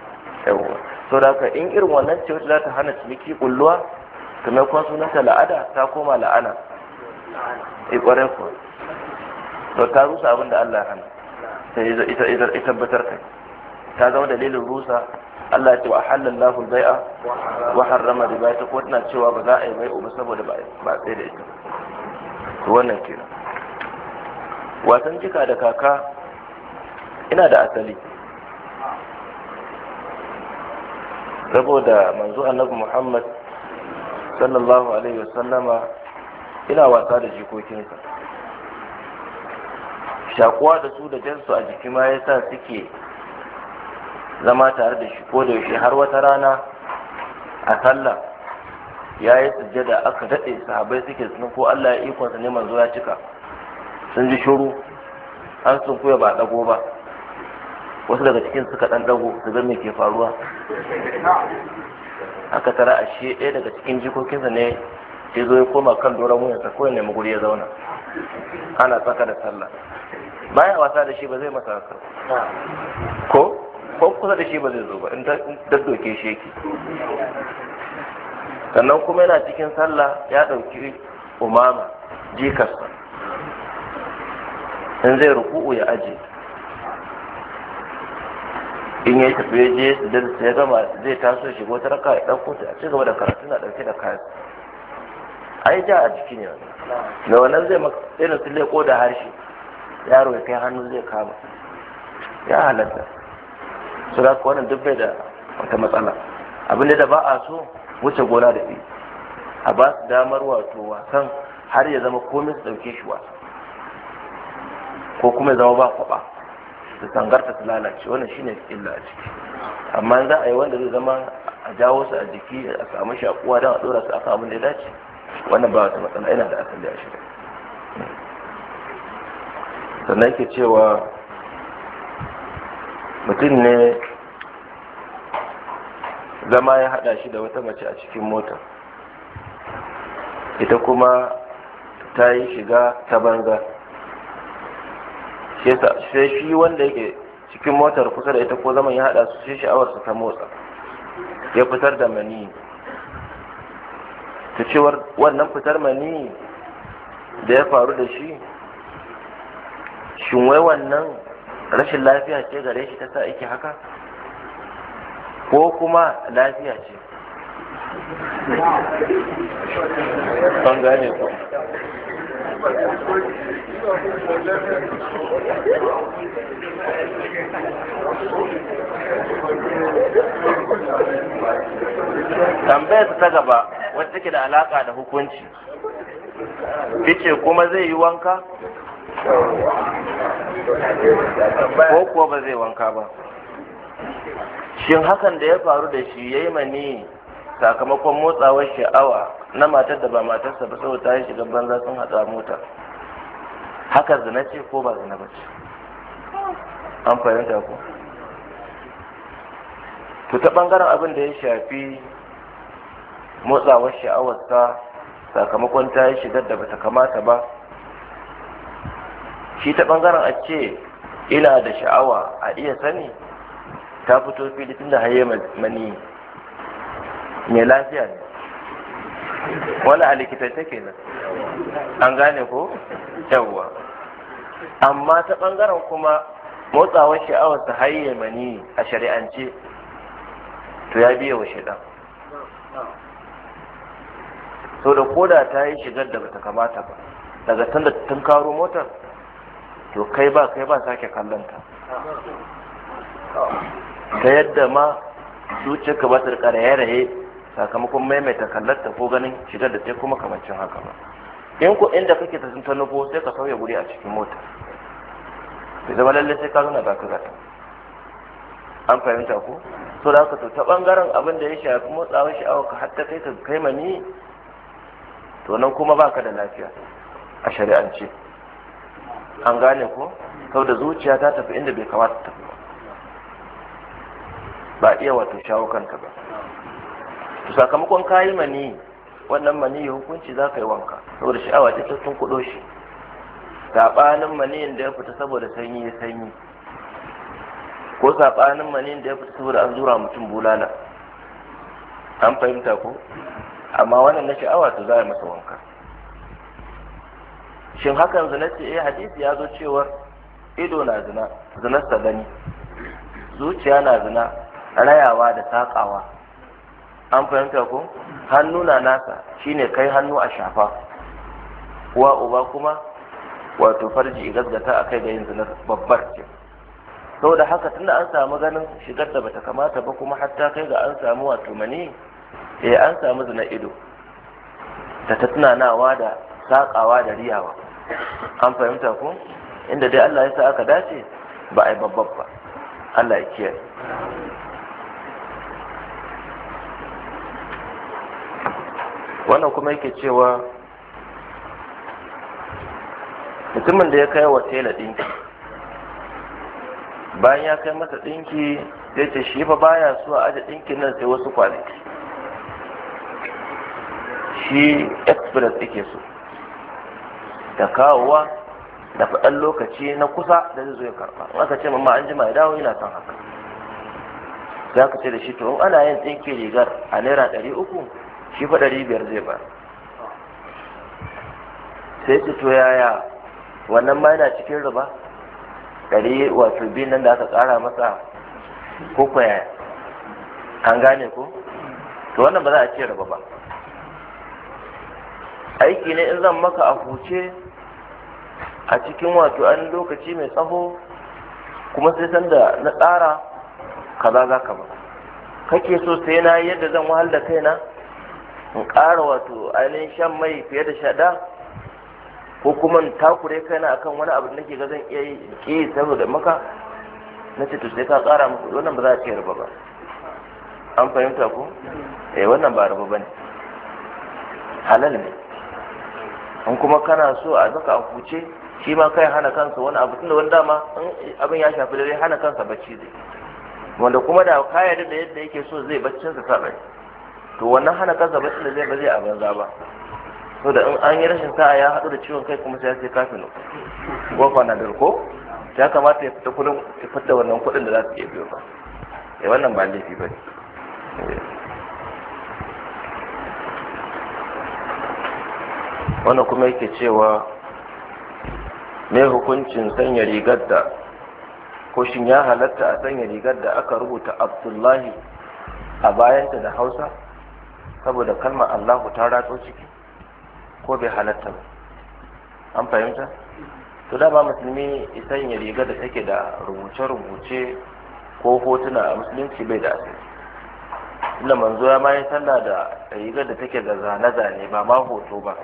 yawwa saboda haka in irin wannan ce wacce za ta hana ciniki kulluwa ta sunanta la'ada ta koma la'ana a eh, kwarai kuwa ba ta rusa abin da Allah hana sai ita tabbatar kai ta zama dalilin rusa Allah ya ce wa halallahu bai'a wa harrama ba ta kotuna cewa ba za a yi mai ba saboda ba a tsaye da ita to wannan kenan wasan jika da kaka ina da asali saboda manzo annabi Muhammad sallallahu alaihi wasallama ina wasa da jikokinsa shakuwa da su da jansu a jiki ma ya sa suke zama tare da shi ko da yaushe har wata rana a sallah ya yi sujjada aka daɗe sahabai suke sunu ko Allah ya ikonsa ne manzo ya cika sun ji shuru an sun kuya ba dago ba wasu daga cikin suka ɗan ɗago su zama ke faruwa aka tara a shi ɗaya daga cikin jikokinsa ne ya zo ya koma kan doron wuyan ko ya nemi guri ya zauna ana tsaka da sallah baya wasa da shi ba zai masa haka ko ko kusa da shi ba zai zo ba in da doke shi yake sannan kuma yana cikin sallah ya ɗauki umama jikarsa in zai ruku'u ya ajiye in ya tafi ya je da ya sai gama zai taso shi wata raka ya dauko ta ci gaba da karatu na dauke da kayan ai ja a jiki ne na wannan zai maka irin su leko da harshe yaro ya kai hannu zai kama ya halatta su da wannan duk bai da wata matsala abin da ba a so wuce gona da bi a ba su damar wato wasan har ya zama komai su ɗauke shi wasa ko kuma ya zama ba kwaba su tangarta su lalace wannan shine illa a ciki amma za a yi wanda zai zama a jawo su a jiki a samu shakuwa don a dora su a abin da dace wannan ba wata matsala yana da asali a shirya sannan yake cewa mutum ne zama ya hada shi da wata mace a cikin mota ita kuma ta yi shiga ta banza sai shi wanda yake cikin motar kusa da ita ko zaman ya hada su sai sha'awarsa ta motsa ya fitar da mani ta cewar wannan fitar mani da ya faru da shi shin wai wannan rashin lafiya ce gare shi ta sa ake haka ko kuma lafiya ce ban gane tambaya ta gaba wacce ke da alaka da hukunci ce kuma zai yi wanka ko kuwa ba zai wanka ba shin hakan da ya faru da shi ya yi mani sakamakon motsawar sha'awa na matar da ba matarsa ba saboda ta yi shiga banza sun hatsa mota haka zina ce ko ba zina ba ce an fahimta ko to ta ɓangaren abin da ya shafi motsawar sha'awarsa sakamakon ta yi shigar da bata kamata ba shi ta ɓangaren a ce ina da sha'awa a iya sani ta fito fili tun da haye mani mai lafiya ne wala a ta kenan an gane ko yawwa amma ta bangaren kuma motsawar sha'awar ta hayye mani a shari'ance to ya biya wa shaidan to da koda ta yi shigar da bata kamata ba daga tun da tun karo motar to kai ba kai ba sake kallon ta ta yadda ma zuciyarka ba ta raye-raye sakamakon maimaita kallarta ko ganin shigar da ta kuma kamancin haka ba in ku inda kake ta ta nufo sai ka sauya guri a cikin mota bai zama lallai sai ka zuna ba ka gata an fahimta ko so da haka to ta bangaren abin da ya shafi motsawa sha'awa ka hatta kai ka kai mani to nan kuma baka da lafiya a shari'ance an gane ko saboda zuciya ta tafi inda bai kamata ta tafi ba iya wato shawo kanta ba sakamakon kayi mani wannan mani hukunci za ka yi wanka saboda sha'awa ta sun kudo shi saɓanin maniyin da ya fita saboda sanyi ya sanyi ko saɓanin maniyin da ya fita saboda an zura mutum bulala an fahimta ko amma wannan na sha'awa ta za a yi masa wanka shin hakan zina ce eh hadisi ya zo cewar ido na zina zinarsa gani zuciya na zina rayawa da saƙawa an fahimta ku? hannu na nasa shine kai hannu a shafa uwa uba kuma wato farji gasgata a kai ga yin zinar babbar ce saboda haka tunda an samu ganin shigar da bata kamata ba kuma hatta kai ga an samu wato mani eh an samu zina ido da ta tunanawa da sakawa da riyawa an fahimta ku? inda dai Allah ya sa aka dace ba a yi babbar ba Allah ya kiyaye wannan kuma yake cewa mutumin da ya kai wa tela ɗinki bayan ya kai masa ɗinki zai ce shi fa baya su a aji ɗinkin nan sai wasu kwanaki shi express yake so da kawowa da faɗan lokaci na kusa da zai zo ya karɓa in aka ce mamma an jima ya dawo yana son haka za ka ce da shi to in ana yin ɗinki rigar a naira ɗari uku shi fa ɗari biyar zai ba sai ce to yaya wannan ma yana cikin riba ɗari wato biyun nan da aka tsara masa ko kwaya an gane ko to wannan ba za a ce riba ba aiki ne in zan maka a huce a cikin wato an lokaci mai tsaho kuma sai sanda na tsara kaza za ka ba kake so sai na yadda zan wahal da kaina in ƙara wato ainihin shan mai fiye da shaɗa ko kuma in takure kaina akan wani abu da nake ga zan iya yi saboda maka na ce to sai ka ƙara muku wannan ba za a ciyar riba ba an fahimta ko eh wannan ba riba ba ne halal ne in kuma kana so a zaka a huce shi ma kai hana kansa wani abu tunda wani dama abin ya shafi dare hana kansa bacci zai wanda kuma da kaya da yadda yake so zai baccinsa sa rai to wannan hana kansa ba da zai ba zai a banza ba to da in an yi rashin sa'a ya haɗu da ciwon kai kuma sai ya sai kafin gofa na ko ya kamata ya fita kudin ya fita wannan kudin da za su iya biyo ba ya eh, wannan ba laifi ba ne eh. wannan kuma yake cewa me hukuncin sanya rigar da ko shin ya halatta a sanya rigar da aka rubuta abdullahi a bayanta da hausa saboda kalmar Allahu ta ratso ciki ko bai halatta ba an fahimta to da ba musulmi isan ya riga da take da rubuce-rubuce ko hotuna a musulunci bai da asali inda manzo ya ma sallah da riga da take da zane-zane ba ma hoto ba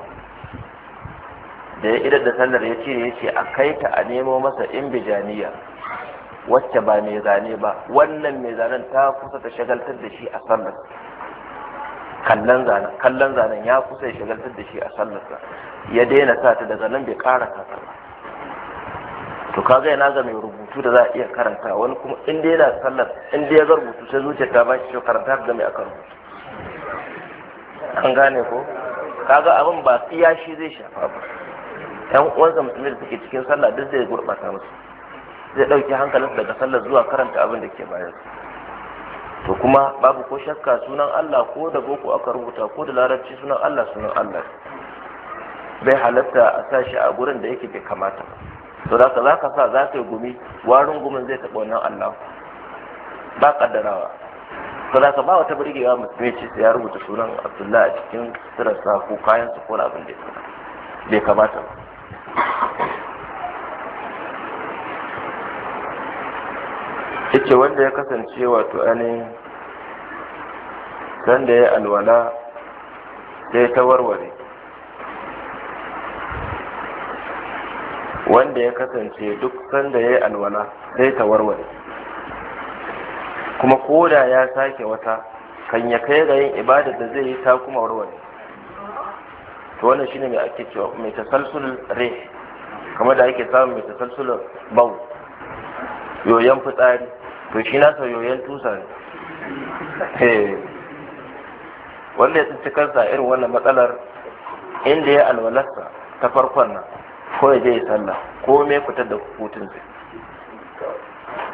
da ya idar da sallar ya ce ya ce a kai ta a nemo masa in bijaniya wacce ba mai zane ba wannan mai zanen ta kusa ta shagaltar da shi a sallar kallon zanen kallon zanen ya kusa ya shagaltar da shi a sallarsa ya daina sa ta daga nan bai ƙara ta ba to kaga yana ga mai rubutu da za a iya karanta wani kuma in dai yana sallar in dai ya ga rubutu sai zuciya ta ba shi to karanta ga mai aka rubutu an gane ko kaga abin ba tsiya shi zai shafa ba yan uwansa musulmi da suke cikin sallah duk zai gurɓata musu zai ɗauki hankalinsu daga sallar zuwa karanta abin da ke bayan su to kuma babu ko shakka sunan Allah ko da boko aka rubuta ko da larabci sunan Allah sunan Allah bai halatta a sashi a gurin da yake bai kamata to da za ka sa za ka yi gumi warin gumin zai taɓa wannan Allah ba kaddarawa to da ka ba wata birgewa mutum ce sai ya rubuta sunan Abdullahi a cikin sirarsa ko kayan su ko abin da bai kamata yace wanda ya kasance wato ainihin sanda ya alwala sai ta warware wanda ya kasance duk sanda ya alwala sai ta warware kuma koda ya sake wata kan ya kai ga yin ibadar da zai yi ta kuma warware to wannan shine mai ake cewa mai tasalsul re kamar da ake samun mai tasalsul bau yoyon fitsari to shi na soyoyen tusa ne eh. wanda ya tsinci kansa irin wannan matsalar inda ya alwalarsa ta farkon nan ko ya je ya sallah ko me fitar da hutun sai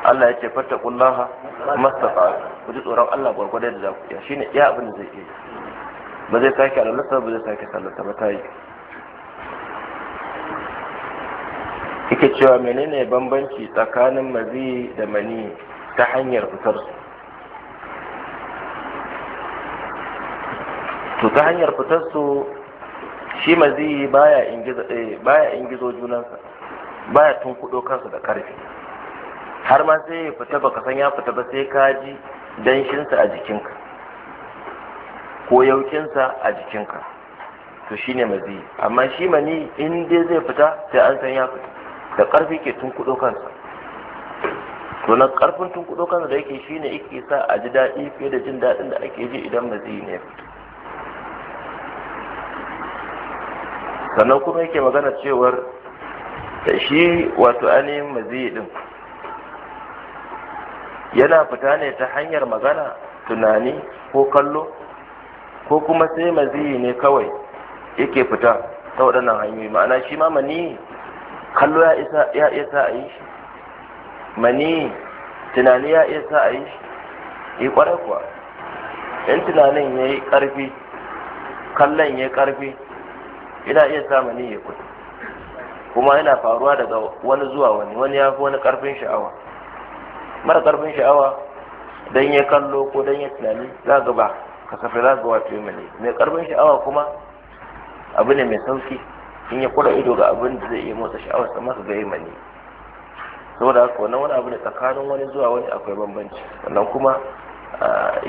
Allah ya ce kullaha mastafa ku ji tsoron Allah gwargwadon da za ku iya shine iya abin da zai iya ba zai sake alwalarsa ba zai sake sallarsa ba ta yi yake cewa menene bambanci tsakanin mazi da mani ta hanyar fitarsu to ta hanyar fitarsu shi mazi baya ingizo eh, junansa baya tun kudo kansa da karfi har ma sai ya fita baka san ya fita ba sai ka ji danshinsa a jikinka ko yaukinsa a jikinka to shi ne mazi amma shi mani in dai zai fita sai an san ya fita da karfi ke tun kudo kansa to na karfin tunkudo kansa da yake shine yake sa a ji daɗi fiye da jin daɗin da ake ji idan zai ne sannan kuma yake magana cewar da shi wato ainihin mazi din yana fita ne ta hanyar magana tunani ko kallo ko kuma sai mazi ne kawai yake fita ta waɗannan hanyoyi ma'ana shi ma mani kallo ya isa a yi shi mani tunani ya iya sa a yi shi yi kwarai kuwa in tunanin ya yi ƙarfi kallon ya yi ƙarfi ina iya sa mani ya kudu kuma yana faruwa daga wani zuwa wani wani ya fi wani ƙarfin sha'awa mara ƙarfin sha'awa don ya kallo ko don ya tunani za ga ba kasafai za ga wato mani mai ƙarfin sha'awa kuma abu ne mai sauki in ya kula ido ga abin da zai iya motsa sha'awar sa masa ga yi mani saboda haka wannan wani abu ne tsakanin wani zuwa wani akwai bambanci wannan kuma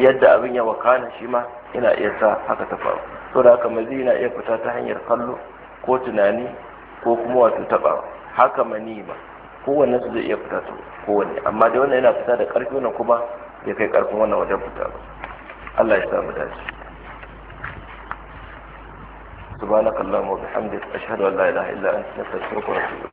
yadda abin ya wakana shi ma yana iya sa haka ta faru saboda haka mazi yana iya fita ta hanyar kallo ko tunani ko kuma wato taba haka mani ba kowanne su zai iya fita ko kowanne amma dai wannan yana fita da karfi wannan kuma ya kai karfin wannan wajen fita ba Allah ya mu dace wa bihamdika ashhadu an la ilaha illa anta astaghfiruka wa atubu